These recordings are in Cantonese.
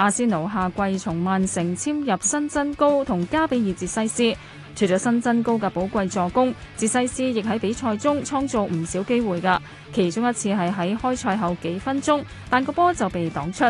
阿斯奴下季從曼城簽入新真高同加比爾哲西斯，除咗新真高嘅寶貴助攻，哲西斯亦喺比賽中創造唔少機會噶。其中一次係喺開賽後幾分鐘，但個波就被擋出。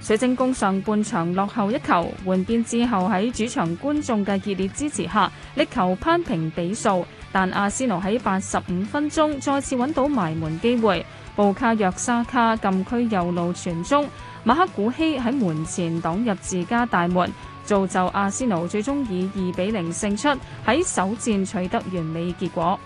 水晶宮上半場落後一球，換邊之後喺主場觀眾嘅熱烈支持下，力球攀平比數，但阿斯奴喺八十五分鐘再次揾到埋門機會。布卡約沙卡禁區右路傳中，馬克古希喺門前擋入自家大門，造就阿仙奴最終以二比零勝出，喺首戰取得完美結果。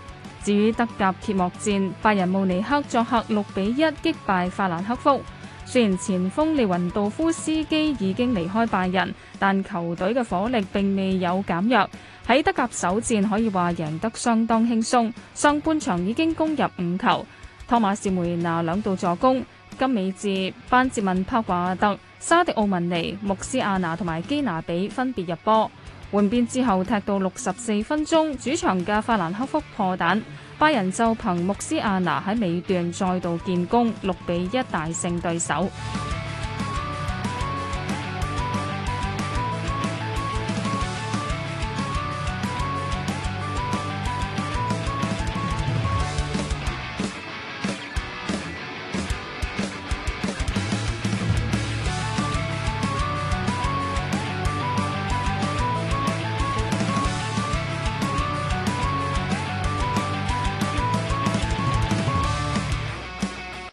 至於德甲揭幕戰，拜仁慕尼黑作客六比一擊敗法蘭克福。雖然前鋒利雲道夫斯基已經離開拜仁，但球隊嘅火力並未有減弱。喺德甲首戰可以話贏得相當輕鬆，上半場已經攻入五球。托馬斯梅拿兩度助攻，金美治、班哲文帕華特、沙迪奧文尼、穆斯亞拿同埋基拿比分別入波。換邊之後踢到六十四分鐘，主場嘅法蘭克福破蛋，拜仁就憑穆斯亞拿喺尾段再度建功，六比一大勝對手。